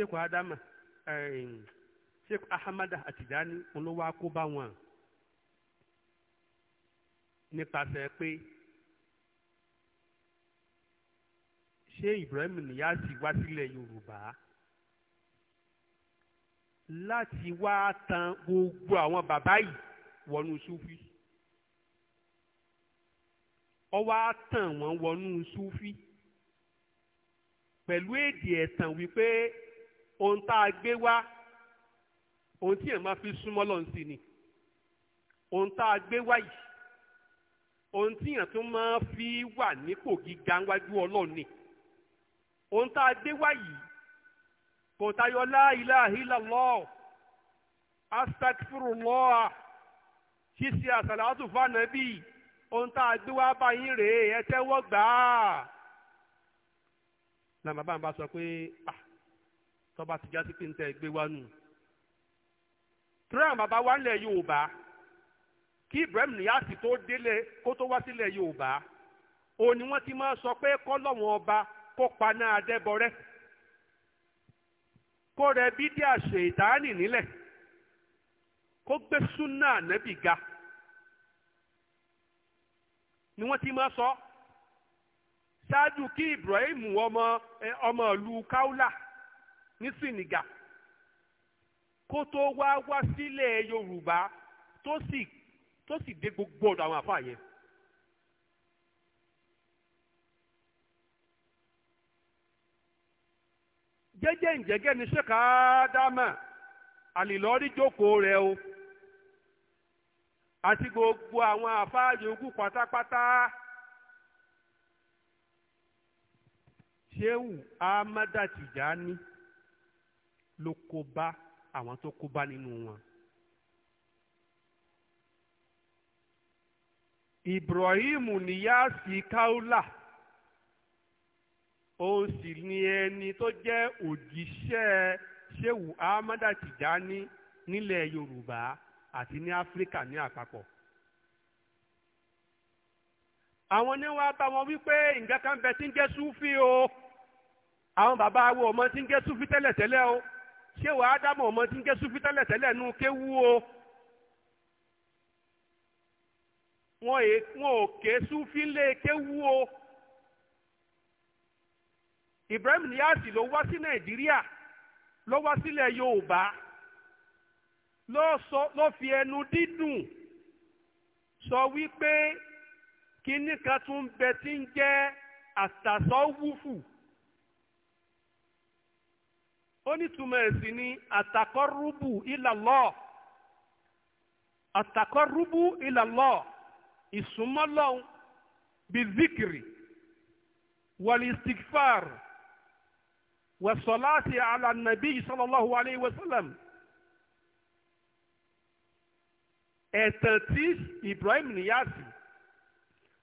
sheikh adama eh, sheikh ahamada àtìjáni olówó akó bá wọn nípasẹ̀ pé ṣé ibrahim niyasi wá sílẹ̀ yorùbá láti wá tan gbogbo àwọn bàbá yìí wọnú sufi ó wá tàn wọ́n wọnú sufi pẹ̀lú èdè ẹ̀tàn wípé ohun tá a gbé wá ohun tí èèyàn máa fi súnmọ́ lọ́n sí ni ohun tá a gbé wá yìí ohun fi wà nípò gíga wájú ọlọ́run ni ohun tá a gbé wá yìí kò tayọ la ilaha illallah a, ṣíṣe àṣàlátù fànàbí ohun tá a gbé wá báyìí rèé ẹ tẹ́wọ́ gbà á. sọ pé ah tọ́ba ti já sí pé ń tẹ́ gbé wá nù. tíráyà bàbá wa ńlẹ̀ Yorùbá kí Ibrahim Niyasi tó délé kó tó wá sílẹ̀ Yorùbá òun ni wọ́n ti máa sọ pé kọ́lọ́wọ́n ọba kó paná adẹ́bọrẹ́ kó rẹ bídí àṣẹ ìdáhánì nílẹ̀ kó gbé súnà ànẹ́bì ga ni wọ́n ti máa sọ ṣáájú kí Ibrahim ọmọ ọmọ ìlú Kaula. ní sìnìgà kó tó wá wá sílẹ̀ yorùbá tó sì tó sì dé gbogbo ọ̀dọ̀ àwọn àfa yẹn. jẹ́jẹ́ ni ṣé káádámà àlìlọ́rí jókòó rẹ̀ o àti gbogbo àwọn àfa yòókù pátápátá. Shehu Ahmada Tijani. ló kó bá àwọn tó kó bá nínú wọn. Ibrahim níyàsí kaula òun sì ni ẹni tó jẹ́ òjíṣẹ́ Ṣéwù Ahmada Tìjání nílẹ̀ Yorùbá àti ní Áfíríkà ní àpapọ̀ àwọn ni wọ́n bá wọn wípé nǹkan kan bẹ tí ń jẹ́ súfì o àwọn bàbá wo ọmọ tí ń jẹ́ súfì tẹ́lẹ̀tẹ́lẹ̀ o ṣé wàá dámọ̀ ọmọ tí ń jẹ́ súfí tẹ́lẹ̀ tẹ́lẹ̀ nú kéwú o wọn ò ké súfí lé kéwú o Ibrahim Niasse ló wá sí Nàìjíríà ló wá sílẹ̀ Yorùbá ló fi ẹnu dídùn sọ wípé kinní kan tún bẹ tí ń jẹ́ àtàsọ́wúfù. So ó ní túmọ̀ ẹ̀sìn ní àtàkọ́rúbù ìlàlọ́ àtàkọ́rúbù ìlàlọ́ ìsúnmọ́lọ́hún bizikiri walistigfar wasalaati ala nabi sallallahu alayhi wa sallam ẹ̀tàn tí ibrahim níyàsí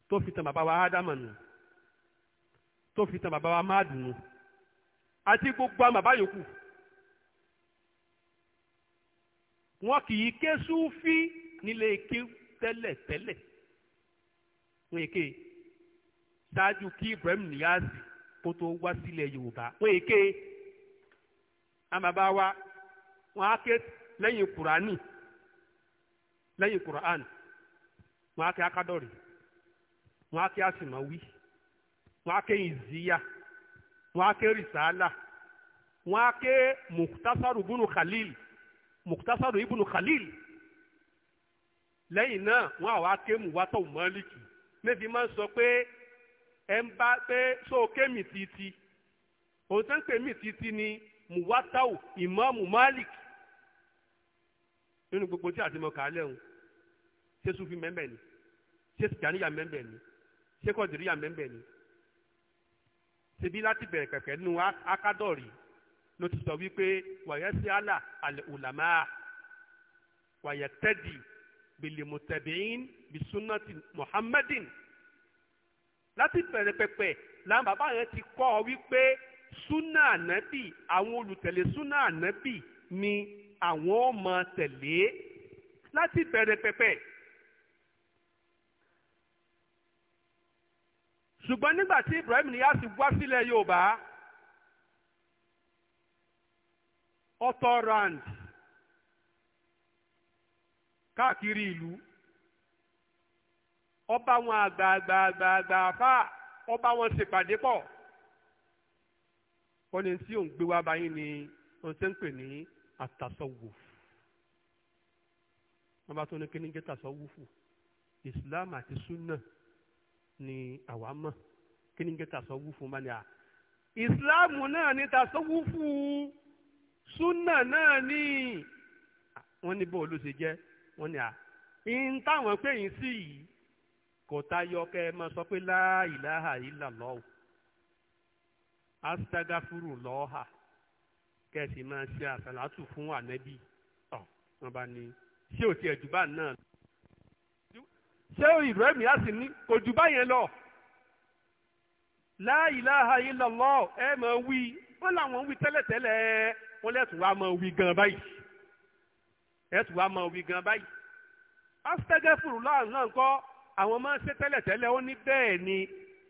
tó fi tàn bàbá wa ádámà nù tó fi tàn bàbá wa máàdù nù àti gbogbo àwọn bàbá yòókù wọn kì í ké súfí nílé ké tẹ́lẹ̀tẹ́lẹ̀ wọn èké ṣáájú kí Ibrahim Niyazi kó tó wá sílẹ̀ Yorùbá wọn èké àmàbá wa wọn á ké lẹ́yìn Kùránì lẹ́yìn Kùránì wọn á ké akádọ́rì wọn á ké àsìmáwí wọn á ké ìzíyà wọ́n á ké rìsáálà wọ́n á ké muktasaru ibùnú khalil muktasaru ibùnú khalil lẹ́yìn náà wọ́n á wá ké muwátọ̀ mọ́lìkì níbi máa ń sọ pé ẹ ń bá pé sóòké mi títí òun tó ń pè mí títí ni muwátọ̀ ìmáàmù mọ́lìkì nínú gbogbo tí àti mọ̀ kàálẹ̀ ń ṣé sufi mẹ́mbẹ̀ ni ṣé tìjàníyà mẹ́mbẹ̀ ni ṣé kọ̀dìríyà mẹ́mbẹ̀ ni ṣebí láti bẹ̀rẹ̀ pẹ̀pẹ̀ nínú akádọ̀rì ló ti sọ wípé wàyẹ sí àlà àlẹ ulama wàyẹ tẹ́dì bìlìmùtẹ̀bìín bìsúnàtì muhammadin láti bẹ̀rẹ̀ pẹ̀pẹ̀ làwọn bàbá yẹn ti kọ́ ọ wípé súnà ànábì àwọn olùtẹ̀lé súnà ànábì ni àwọn ọmọ tẹ̀lé láti bẹ̀rẹ̀ pẹ̀pẹ̀. ṣùgbọ́n nígbà tí Ibrahim Niyas wá sílẹ̀ Yorùbá ọtọrand káàkiri ìlú ọba wọn àgbààgbààgbà àfà ọba wọn ṣèpàdé pọ̀ wọ́n ní tí òun gbé wá báyìí ni wọ́n ti ń pè ní àtàsọ̀wò wọ́n bá tó ní kí ní jẹ́ tàsọ̀wò Islam àti Sunnah. ni àwa mọ kí ni ń jẹ́ tasawufu máa ní à ìsìláàmù náà ni tasawufu súnà náà ni wọ́n ní bó olóṣè jẹ́ wọ́n ní à ń táwọn pè yín sí yìí kò tayọ kẹ ẹ máa sọ pé la ilaha illallah astagafuru lọ́ọ̀hà kẹ́sì máa ṣe àsàlátù fún ànẹ́bí ọ̀ wọ́n bá ní ṣé ò tiẹ̀ jù bá náà. ṣé ìlú ẹ̀mí á sì ní kò jù báyẹn lọ. La ilaha illallah ẹ máa wí wọ́n làwọn wí tẹ́lẹ̀tẹ́lẹ̀ wọ́n lẹ́tùn wá máa wí gan báyìí lẹ́tùn wá máa wí gan báyìí. astagfuru láàrin náà kọ́ àwọn máa ń ṣe tẹ́lẹ̀tẹ́lẹ̀ ó ní bẹ́ẹ̀ ni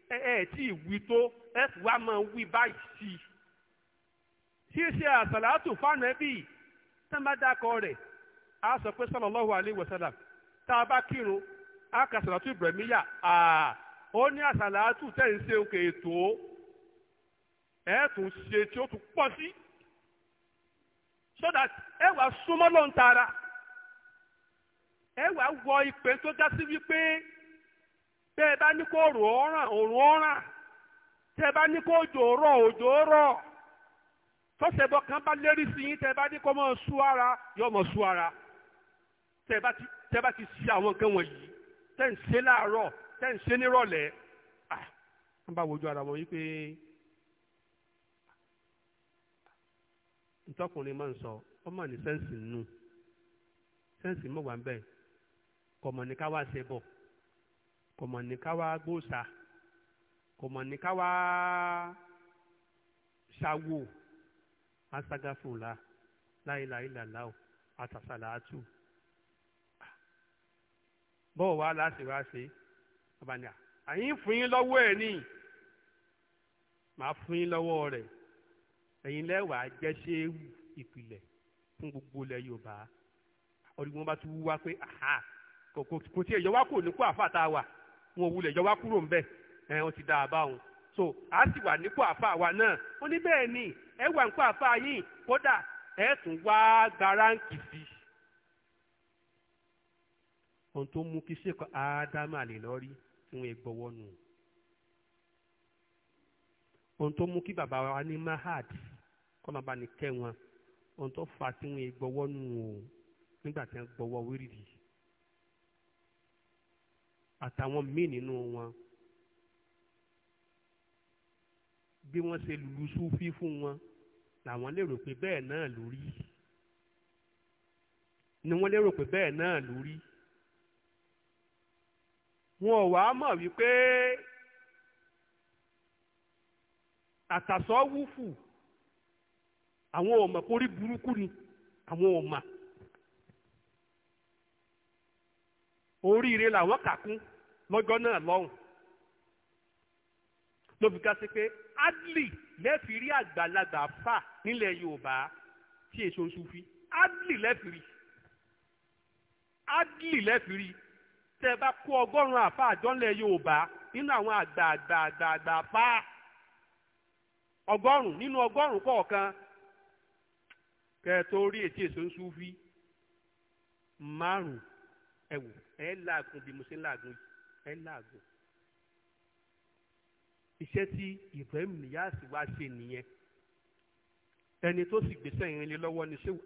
ẹ ẹ tí ì wí tó lẹ́tùn wá máa wí báyìí sí i. ṣíṣe àsàlátù fáànù ẹbí akasàlátù ibrahimiya àà ó ní àsàlátù tẹ̀ ń ṣe òkè ètò ẹ̀ tún ṣe tí ó tún pọ̀ sí so that ẹ wàá súnmọ́ lọ́n tara ẹ wàá wọ ìpè tó já sí wípé bẹ́ ẹ bá ní kó rò ọ̀ràn òrùn ọ̀ràn tẹ́ ẹ bá ní kó òjò rọ̀ òjò rọ̀ tọ́sẹ̀bọ kan bá lérí sí yín tẹ́ ẹ bá ní kó mọ̀ sú ara yọ mọ̀ sú ara tẹ́ ẹ bá ti ṣe àwọn nǹkan wọ̀nyí tẹ́ ń ṣe láàárọ̀ tẹ́ ń ṣe nírọ̀lẹ́ ah wọ́n bá wojú ara wọn wípé ntọ́kùnrin máa ń sọ ọmọ ní sẹ́ǹsì nù sẹ́ǹsì mọ̀ wá ń bẹ̀ kọ̀mọ̀ ní ká wá ṣe bọ̀ kọ̀mọ̀ ní ká wá gbóòsà kọ̀mọ̀ ní ká wá ṣàwò asagafula láìláìlàláò àtàsàlà àtù bọ́ọ̀ wá láti wá ṣe ọba ní à àyín fún yín lọ́wọ́ ẹ̀ ní màá fún yín lọ́wọ́ rẹ̀ ẹ̀yin lẹ́wàá jẹ́ ṣéwù ìpìlẹ̀ fún gbogbo ilẹ̀ Yorùbá ọdún wọn bá tún wá pé àhà kò tí ẹ̀ yọ wá kúrò nípò àfáà tá wọn ò wulẹ̀ yọ kúrò ńbẹ̀ ẹ̀ wọ́n ti dá a bá wọn so a sì wà nípò àfáà wa náà ó ní bẹ́ẹ̀ ni ẹ wà nípò àfáà yìí kódà ẹ tún wá gbaráǹkì sí ohun tó mú kí sèkọ ádámà lè lọ rí tí wọn gbọ́wọ́ nù ohun tó mú kí bàbá wa ní mahad kọ́ máa bá ní kẹ́ wọn ohun tó fà tí wọn gbọ́wọ́ nù o nígbà tí wọn gbọ́wọ́ wíìrì àtàwọn míì nínú wọn bí wọ́n ṣe lùlù súfí fún wọn làwọn lérò pé bẹ́ẹ̀ náà lórí ni wọ́n lérò pé bẹ́ẹ̀ náà lórí wọn ò wá mọ̀ wípé àtàsọ́ wúfù àwọn ò mọ̀ kórí burúkú ni àwọn ò mọ̀ oríire làwọn kàkún lọ́jọ́ náà lọ́hùn ló fi ká sí pé adli lẹ́fìrí àgbàlagbà fà nílẹ̀ Yorùbá tí èso ń sufi adli lẹ́fìrí adli lẹ́fìrí. tẹ́ ẹ bá kó ọgọ́rùn-ún àfa àjọ́lẹ̀ Yorùbá nínú àwọn àgbààgbààgbà àfa ọgọ́rùn-ún nínú ọgọ́rùn-ún kọ̀ọ̀kan kẹtọ orí ètí èso ń súfí márùn-ún ẹ̀wò ẹ̀ bí mo ṣe ń làágùn ẹ̀ làágùn iṣẹ́ tí Ibrahim Niyasi wá ṣe nìyẹn ẹni tó sì gbèsè ni Shehu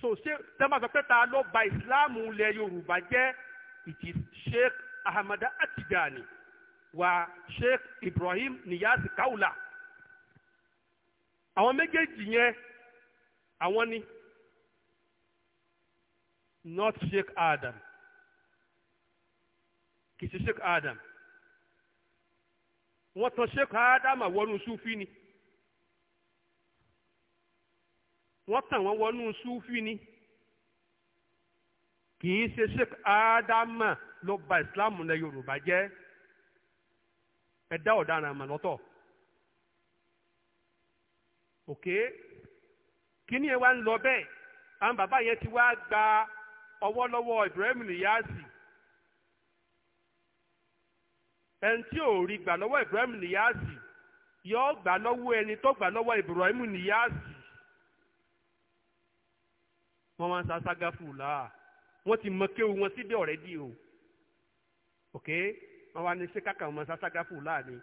so ṣé tẹ́lẹ̀ sọ pé ta ló ba ìsìláàmù ilẹ̀ yorùbá jẹ́ ìtì sheikh ahmed Atigani, wa sheikh ibrahim niyaz kaula àwọn méjèèjì yẹn àwọn ni not sheikh adam kì sheikh adam wọ́n tan sheikh adam àwọn ọ̀run sufi ni. wọ́n tàn wọ́n wọnú súfì ni kì í ṣe Sheikh Adama ló ba ìsìláàmù lẹ Yorùbá jẹ́ ẹ̀dá ọ̀daràn àmà lọ́tọ̀ òkè kíní ẹ wá ń lọ bẹ́ẹ̀ àwọn bàbá yẹn ti wá gba ọwọ́ lọ́wọ́ Ibrahim niyazi. ẹni tí ò rí gbà lọ́wọ́ Ibrahim Niyasi yọ gbà lọ́wọ́ ẹni tó gbà lọ́wọ́ Ibrahim niyazi wọ́n máa ń sa ságàfù là wọ́n ti mọ kéwu wọn síbẹ̀ ọ̀rẹ́dì o ok wọ́n wá ní ṣé kàkà wọn máa sa ságàfù là ni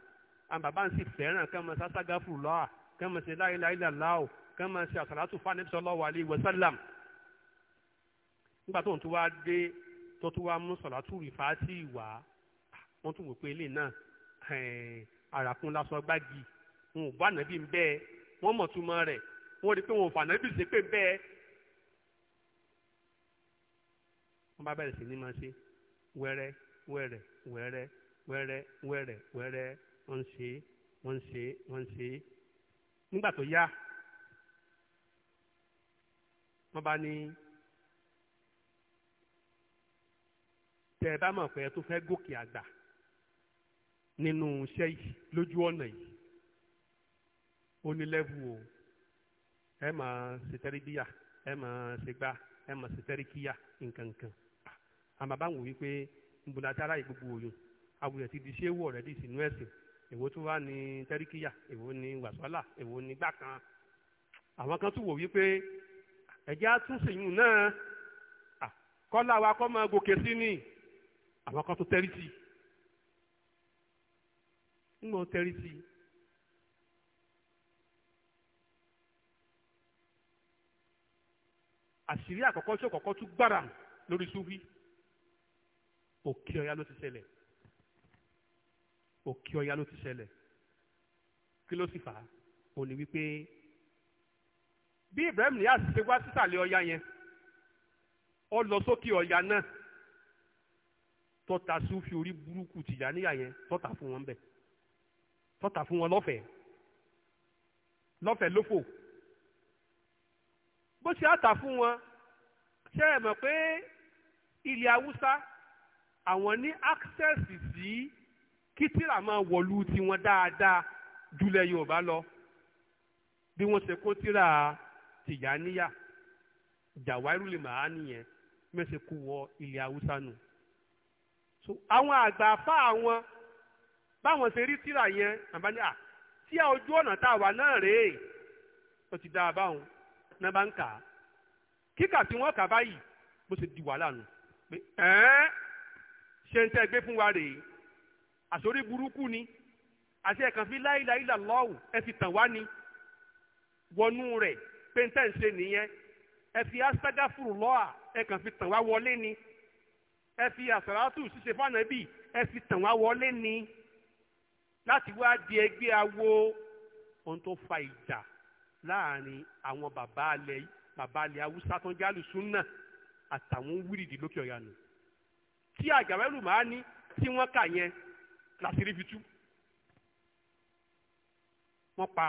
àwọn bàbá ń sì fẹ́ràn kí wọ́n máa sa ságàfù là kí wọ́n máa ṣe láìláìlàlá o kí wọ́n máa ṣe àsàlátù fáànì sallallahu alaihi wasallam nígbà tó ń tún wá dé tó tún wá mú sàlátù rìfáàtì wá wọ́n tún wò pé ilé náà àràkún lásán gbági wọn ò bá nàbí ń bẹ́ẹ̀ wọ́n mọ̀ túmọ̀ rẹ̀ wọ́n rí pé wọn ò fà nàbí ṣe pé bẹ́ẹ̀ wọ́n bá bẹ̀rẹ̀ sí ní máa ṣe wẹ́rẹ́ wẹ́rẹ́ wẹ́rẹ́ wẹ́rẹ́ wẹ́rẹ́ wẹ́rẹ́ wọ́n ń ṣe wọ́n ń ṣe wọ́n ń ṣe nígbà tó yá wọ́n bá ní tẹ ẹ bá mọ̀ pé ẹ tó fẹ́ gòkè àgbà nínú iṣẹ́ yìí lójú ọ̀nà yìí ó ní lẹ́vù o ẹ máa ṣe tẹ́ríbíyà ẹ máa ṣe gbá ẹ máa ṣe tẹ́ríkíyà nǹkan nǹkan àmọ́ bá ń wò wípé nbùnà tára yìí gbogbo òyìn àwùjọ ti di ṣé wọ̀ rẹ̀ dì sínú ẹ̀sìn èwo tó wá ní tẹ́ríkìyà èwo ní wàsálà èwo ní gbàkan àwọn kan tún wò wípé ẹ̀jẹ̀ àtúnṣeyún náà kọ́lá wa kọ́ máa gòkè sí ni àwọn kan tún tẹ́rí sí ń mọ tẹ́rí sí. àṣírí àkọ́kọ́ tí kọ́kọ́ tún gbára lórí súfì òkè ọ̀yá ló ti ṣẹlẹ̀ òkè ọ̀yá ló ti ṣẹlẹ̀ kí ló sì fà á òun ni wípé bí Ibrahim Niyas ṣe wá sísàlẹ̀ ọ̀yá yẹn ó lọ sókè ọ̀yá náà tọ́ta sufi orí burúkú tìjàníyà yẹn tọ́ta fún wọn bẹ̀ tọ́ta fún wọn lọ́fẹ̀ẹ́ lọ́fẹ̀ẹ́ lófò bó ṣe àtà fún wọn ṣe é mọ̀ pé ilẹ̀ haúsá àwọn ní access sí kí tírà máa wọ̀lú tiwọn dáadáa jùlẹ̀ yorùbá lọ bí wọ́n ṣe kó tírà tìjàníyà jàwáírù lè màá nìyẹn mẹ́sẹ̀ kú wọ ilẹ̀ haúsá nù. so àwọn àgbààfà àwọn báwọn ṣe rí tírà yẹn àbá ní à tí ojú ọ̀nà tá a wà náà rèé ó ti dá a báwọn náà bá ń kà á kíkà tí wọ́n kà báyìí bó ṣe di wàhálà nù ṣe ń tẹ́ gbé fún wa rèé àsórí burúkú ni àti ẹ̀kan fi láìláìlà lọ́wọ́ ẹ fi tàn wá ni wọnú rẹ̀ pé ń tẹ́ ń ṣe nìyẹn ẹ fi aságáfùrù lọ́à ẹ̀kan fi tàn wá wọlé ni ẹ fi àsàràtù ṣíṣe fànàbì ẹ fi tàn wá wọlé ni láti wá di ẹgbẹ́ awo ohun tó fa ìjà láàrin àwọn bàbá alẹ́ bàbá alẹ́ haúsá tó ń jálù súnà àtàwọn wíìrìdì lókè ọ̀yà nù tí àjàwẹ́rù máa ní tí wọ́n kà yẹn láti rí bitú wọ́n pa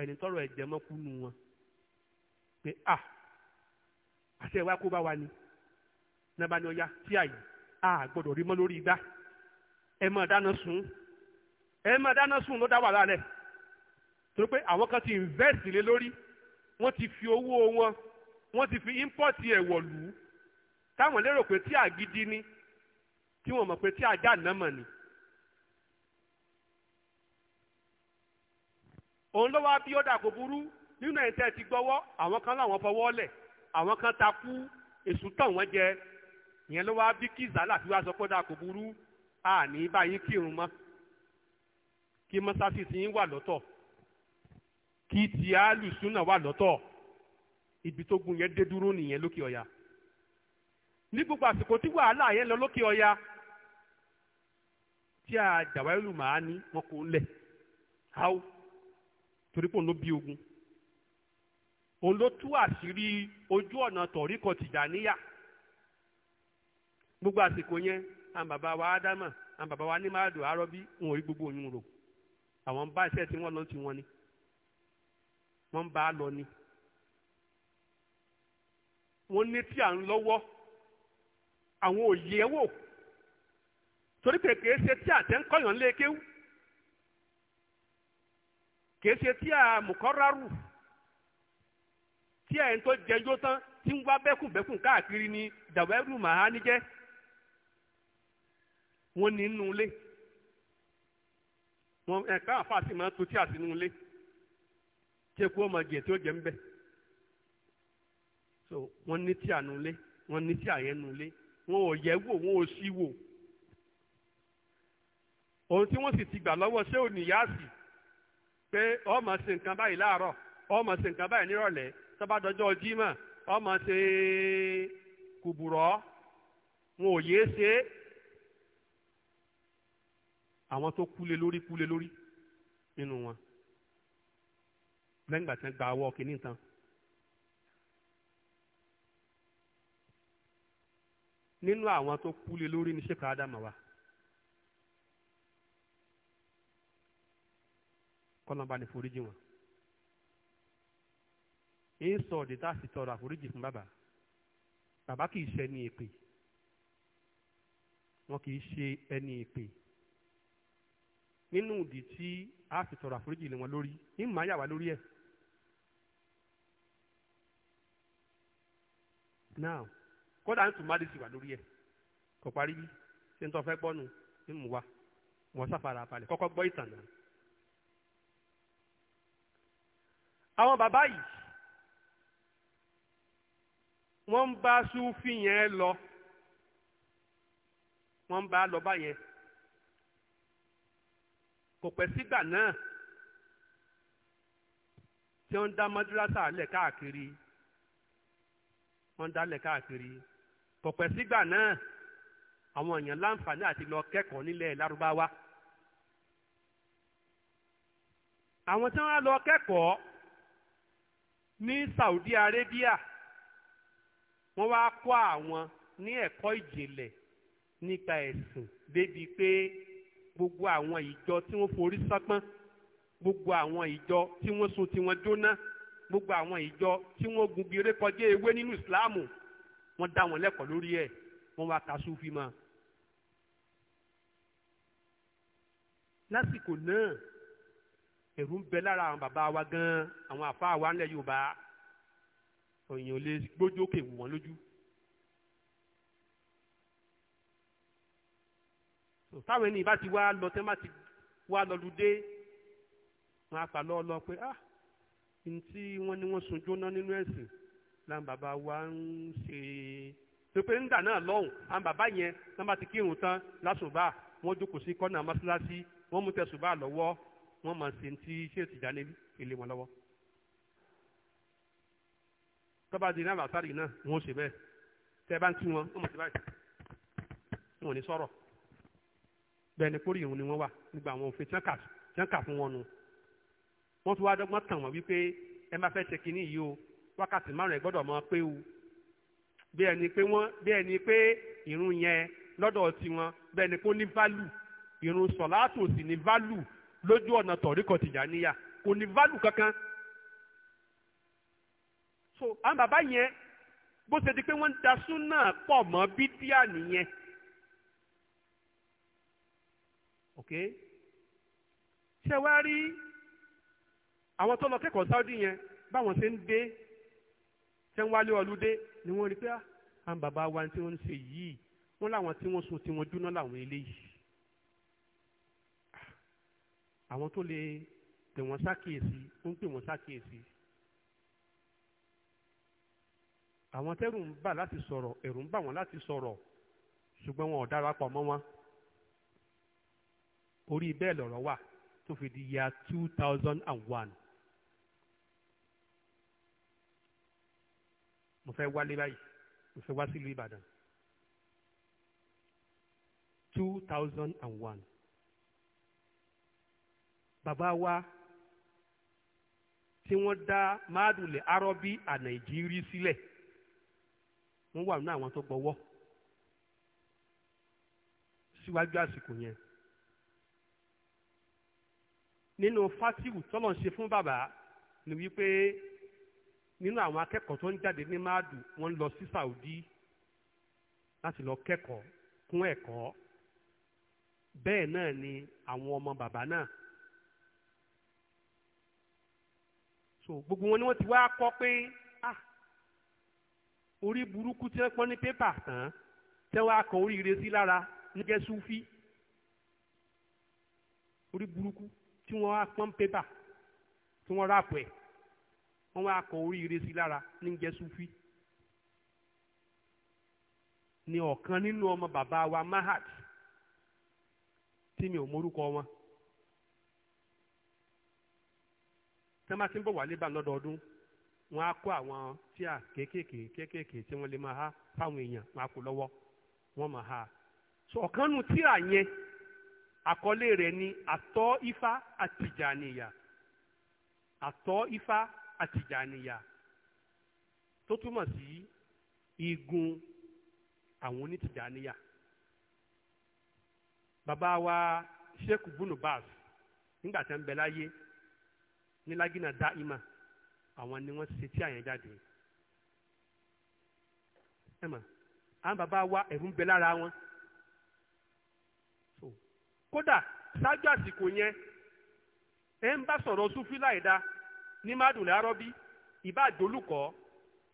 ẹni tọrọ ẹ̀jẹ̀ mọ́kú nu wọn pé a àti ẹ̀wá kó bá wa ni nàbà ni ọya tí àyè a gbọ́dọ̀ rí mọ́ lórí igbá ẹ máa dáná sun ẹ máa dáná sun ló dá wàhálà rẹ̀ torí pé àwọn kan ti invest lé lórí wọ́n ti fi owó wọn wọ́n ti fi ímpọ́ọ̀tì ẹ̀ wọ̀lú táwọn lérò pé tí àgídí ni tí wọ́n mọ̀ pé tí ajá nàmọ̀ ni. òun ló wá bí ọ̀dà kò burú nínú ẹ̀ tẹ́ ti gbọ́wọ́ àwọn kan láwọn fọwọ́ lẹ̀ àwọn kan takú èṣù tàn wọ́n jẹ ìyẹn ló wá bí kí zàlà fi wá sọ pé ọ̀dà kò burú àní báyìí kírun mọ́ kí mọ́sáfíìsì yín wà lọ́tọ̀ kí tìálù súnà wà lọ́tọ̀ ibi tó gun yẹn dé dúró nìyẹn lókè ọ̀yà ní gbogbo àsìkò tí wàhálà yẹn lọ lókè ọ̀yà tí a jàwáìlú màá ní wọn kò lẹ̀ áwò torí pé òun ló bí ogun òun ló tú àṣírí ojú ọ̀nà tọ̀ríkọ̀ tìjàníyà gbogbo àsìkò yẹn àwọn bàbá wa ádámà àwọn bàbá wa ní máàdù ń rí gbogbo oyún rò àwọn bá iṣẹ́ tí wọ́n lọ sí wọn ni wọ́n bá lọ ni wọ́n ní tí à ń lọ́wọ́ àwọn òye ẹ̀ wò torí pé kìí ṣe tí àtẹ ń kọyàn lé kéwú kìí ṣe tí àmùkọ́rárù tí ẹ̀ ń tó jẹjọ́ tán tí ń wá bẹ́kùnbẹ́kùn káàkiri ni dàwẹ́rù màá níjẹ́ wọ́n ní nínú ilé wọn ẹ̀ka àfa sì máa ń tu tí àsínú ilé tí eku ọmọ gẹ̀ tí ó jẹ́ ń bẹ́ẹ̀ so wọ́n ní tí ànulé wọ́n ní tí àyẹnulé wọn ò yẹ̀ wò wọn ò sí wò ohun tí wọ́n sì ti gbà lọ́wọ́ ṣé ò níyàásì pé ó máa ṣe nǹkan báyìí láàárọ̀ ó máa ṣe nǹkan báyìí nírọ̀lẹ́ tó bá dọjọ́ jímọ̀ ó máa ṣe kùbùrọ̀ wọn ò yéé ṣe é àwọn tó kúlé lórí kúlé lórí nínú wọn lẹ́yìn ìgbà tí wọ́n gba ọwọ́ kìíní tán. nínú àwọn tó kúlé lórí ní ṣèkà ádámà wa kọ́nàbà ní foríjì wọn ń sọ ọ̀dẹ̀ tá a sì tọrọ àforíjì fún bàbá bàbá kì í ṣe ẹni èpè wọn kì í ṣe ẹni èpè nínú ìdí tí a sì tọrọ àforíjì lé wọn lórí ní màá lórí ẹ̀ now kódà ní tòmádì sì wà lórí ẹ̀ kò parí bí ṣé n tó fẹ́ gbọ́nu ní mú wa wọ́n sáfara balẹ̀ kọ́kọ́ gbọ́ ìtàn náà. àwọn bàbá yìí wọ́n ń bá súfì yẹn lọ wọ́n ń bá lọ bá yẹn kò pẹ́ sígbà náà tí wọ́n ń dá mọ́dúrásà lẹ̀ káàkiri wọ́n ń dálẹ̀ káàkiri kò pẹ́ sígbà náà àwọn èèyàn láǹfààní àti lọ kẹ́kọ̀ọ́ nílẹ̀ lárúbáwá àwọn tí wọ́n lọ kẹ́kọ̀ọ́ ní Saudi Arabia wọ́n wá kọ́ àwọn ní ẹ̀kọ́ ìjìnlẹ̀ nípa ẹ̀sìn débi pé gbogbo àwọn ìjọ tí wọ́n forí sánpọ́n gbogbo àwọn ìjọ tí wọ́n sun tí wọ́n jóná gbogbo àwọn ìjọ tí wọ́n gungi rékọjá ewé nínú ìsìláàmù wọ́n dá wọn lẹ́kọ̀ọ́ lórí ẹ̀ wọ́n wá ka súfì mọ́. lásìkò náà ẹ̀rù ń bẹ lára àwọn bàbá wa gan-an àwọn àfáà wa ńlẹ̀ Yorùbá òyìn lè gbójókè wọ́n lójú. táwọn ènìyàn bá ti wá lọ tẹ́ bá ti wá lọ lùdé wọn á pa lọ́ọ́lọ́ pé ah ntí wọ́n ní wọ́n sun jóná nínú ẹ̀sìn làwọn bàbá wa ń ṣe pépé ńgbà náà lọ́hùn àwọn bàbá yẹn náà bá ti kírun tán lásùbà wọ́n jókòó sí kọ́nà mọ́ṣáláṣí wọ́n mú tẹ̀sùbà lọ́wọ́ wọ́n máa ṣe ti ṣé ti dání ilé wọn lọ́wọ́ tọ́ba di náà bàtàrí náà wọ́n ṣe bẹ́ẹ̀ tẹ́ bá ń kí wọn wọ́n mọ̀ sí báyìí wọn ní sọ̀rọ̀ bẹ́ẹ̀ ni kórè ìrùn ni wọ́n wà nígbà àwọn òfin tí wọ́n kà fún wọn nù wọ́n tún wá dọ́gbọ́n tàn wọ́n wípé ẹ má fẹ́ ṣe kínní yìí o wákàtí márùn ẹ gbọ́dọ̀ mọ pé o bí ẹni pé wọn bí ẹni pé irun yẹn lọ́dọ̀ tiwọn bẹ́ẹ̀ ni kó ní válù irun sọ̀láàtò sì ní válù lójú ọ̀nà tọ̀ríkọ̀ tìjàníyà kò ní válù kankan. so àwọn bàbá yẹn bó ṣe di pé wọ́n ń da súnà pọ̀ mọ́ bídíà nìyẹn. ok ṣé wàá rí àwọn tó lọ kẹ́kọ̀ọ́ sáúdì yẹn báwọn ṣe ń dé ṣé ń wálé ọlúdé ni wọ́n rí pé ah, àwọn bàbá wa tí wọ́n ń ṣe yìí wọ́n láwọn tí wọ́n sun tí wọ́n jóná láwọn eléyìí ah, àwọn tó lè pè wọ́n sákìyèsí ń pè wọ́n sákìyèsí àwọn tẹ́rù ń bà láti sọ̀rọ̀ ẹ̀rù ń bà wọ́n láti sọ̀rọ̀ ṣùgbọ́n wọn ò darapọ̀ mọ́ wọn orí bẹ́ẹ̀ lọ̀rọ̀ wà tó fi di ya two thousand and one. mo fẹ́ wálé báyìí mo fẹ́ wá sílùú Ìbàdàn two thousand and one bàbá wa tí wọ́n dá máàdùlẹ̀ arọ́bí à Nàìjírí sílẹ̀ wọ́n wà nínú àwọn tó gbọ́wọ́ síwájú àsìkò yẹn nínú fátíwù tọ́lọ̀ ń ṣe fún bàbá ni wípé nínú àwọn akẹ́kọ̀ọ́ tó ń jáde ní máàdù wọ́n ń lọ sí Saudi láti lọ kẹ́kọ̀ọ́ kún ẹ̀kọ́ bẹ́ẹ̀ náà ni àwọn ọmọ bàbá náà so gbogbo wọn ni wọ́n ti wá kọ́ pé ah orí burúkú tí wọ́n pọ́n ní pépà tán tí wọ́n á kọ oríire sí lára nígẹ́ sufi orí burúkú tí wọ́n á pọ́n pépà tí wọ́n ráàpù ẹ̀. wọ́n wá kọ oríire sí lára ní jẹ́ ni ọ̀kan nínú ọmọ bàbá wa mahat tí mi ò mórúkọ wọn tẹ́ máa ti ń bọ̀ wálé bá lọ́dọọdún wọ́n á kó àwọn tí a kéékèèké kéékèèké tí wọ́n lè máa ha fáwọn èèyàn máa kó lọ́wọ́ wọ́n máa ha so ọ̀kan nù tíra yẹn àkọlé rẹ̀ ni àtọ́ ifá àtìjànìyà àtọ́ ifá àtìjànìyà tó túmọ̀ sí igun àwọn onítìjànìyà bàbá wa sheikh bunu nígbà tí ń bẹ láyé ní lágínà àwọn ni wọ́n ṣe tí àyàn jáde ẹ mọ̀ àwọn bàbá wa ẹ̀rù wọn kódà ṣáájú àsìkò yẹn ẹ ń ní mádùn làárọ̀ bí ìbá àjòlùkọ́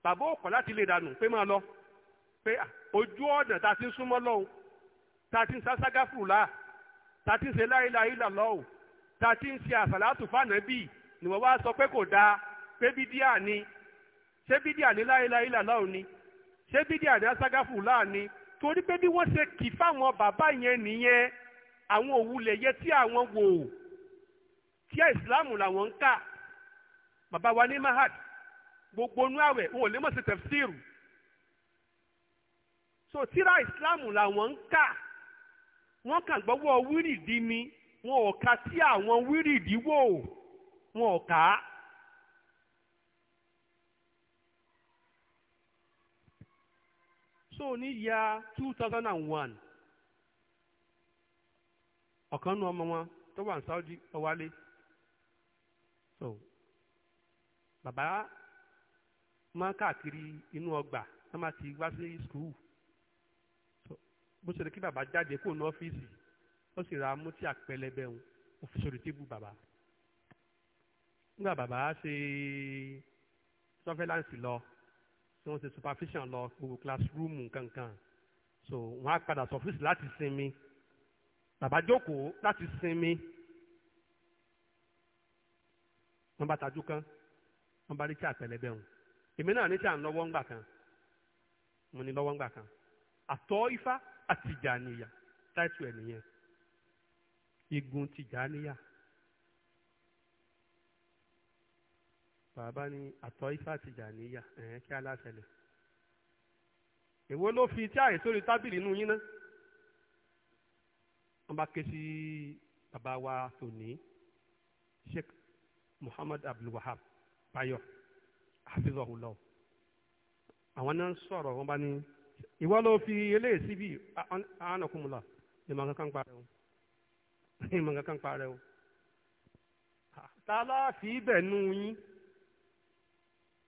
bàbá òkọ̀ láti lè dànù pé máa lọ pé ojú ọ̀nà tá a ti ń súnmọ́ lọ́hùn tá a ti ń sáṣágá fùlà tá a ti ń ṣe láìláì làlọ́hùn tá a ti ń ṣe àṣàlátù fànàbì ni wọ́n wá sọ pé kò dáa pé bídíà ni ṣé bídíà ni láìláì làlọ́hùn ni ṣé bídíà ni sáṣágá fùlà ni torí pé bí wọ́n ṣe kì fáwọn bàbá yẹn nìyẹn àwọn òwúlẹ̀ yẹ tí àwọn wò tí ìsìláàmù làwọn ń kà bàbá wa ní mahad gbogbo inú àwẹ̀ wọn ò lè mọ̀ sí tẹ̀fsíìrù so tíra ìsìláàmù làwọn ń kà wọ́n kàn gbọ́wọ́ wírìdì mi wọn ò ka tí àwọn wírìdì wò wọn ò kà á. so ní ya two thousand and one ọ̀kan nu ọmọ wọn tó wà ní Saudi ọwálé so bàbá máa ń káàkiri inú ọgbà wọ́n máa ti wá sí skul bó ṣe lè kí bàbá jáde kó ní ọ́fíìsì ó sì ra mú tí àpẹlẹbẹ òun ó fi sórí tíìbù bàbá nígbà bàbá ṣe surveillance lọ tí wọ́n ṣe supervision lọ gbogbo classroom kankan so wọ́n á padà sọ́fíìsì láti sinmi bàbá jókòó láti sinmi wọ́n bá tajú kán wọ́n bá rí tí àtẹlẹbẹ wọn èmi náà ní tí à ń lọ́wọ́ ńgbà kan mo ní lọ́wọ́ ńgbà kan àtọ́ ifá àti ìjànìyà táìtù ẹ̀ nìyẹn igun tìjànìyà bàbá ni àtọ́ ifá àti ìjànìyà ẹ̀ẹ́n kí aláṣẹlẹ̀ èwo ló fi tí àyè sórí tábìlì inú yín náà wọ́n bá ké sí bàbá wa tòní Sheikh Muhammad Abdul Wahab bayọ hafizahullah àwọn náà sọ̀rọ̀ wọn bá ní ìwọ ló fi eléyìí síbi àánàkùnmùlà ìmọ̀ kankan parẹ́ o ìmọ̀ kankan parẹ́ o ta fi ibẹ̀ nù yín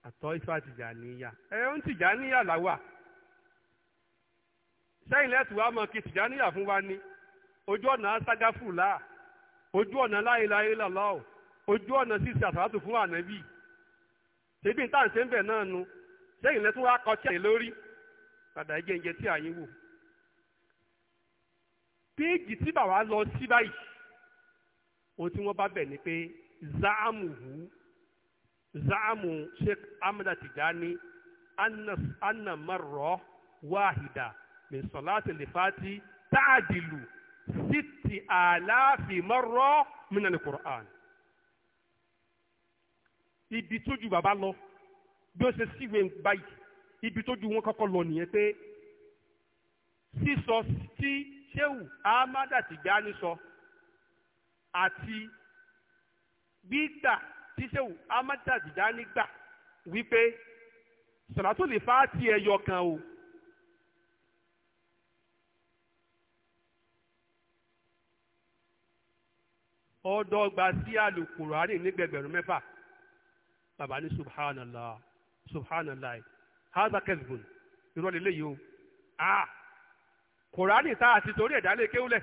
àtọ́ ifá tìjàníyà ẹ ń tìjàníyà làwà sẹ́yìn lẹ́tù wa mọ̀ kí fún wa ní ojú ọ̀nà aságáfù láà ojú ọ̀nà láìláìlá lọ́ọ̀ ojú ọ̀nà sísè àtàwátò fún ànábì. ṣebí níta ṣe ń bẹ̀ náà nu sẹ́yìn lẹ́tún wá kọ tíyà lórí padà ẹ jẹ́njẹ́ tí àyín wò. péèjì tí bàbá lọ sí báyìí ohun tí wọ́n bá bẹ̀ ni pé záàmù hù záàmù Sheikh Amada Tijani anna marra wahida min salati lifati ta'dilu sitti alafi marra min al-Qur'an ibi tójú bàbá lọ bí ó ṣe síwèé báyìí ibi tójú wọn kọ́kọ́ lọ nìyẹn pé sísọ tí Shehu Ahmad Tijani sọ àti gbígbà tí Shehu Ahmad Tijani gbà wípé sọ̀làtò lè fa ti ẹyọ kan o. ọdọ gba sí àlùkùránì ní gbẹgbẹrún mẹ́fà bàbá ní subhanallah subhanallah haza kẹsìbùn irọ́ lélẹ́yìí o ah kòránì tá a ti torí ẹ̀dá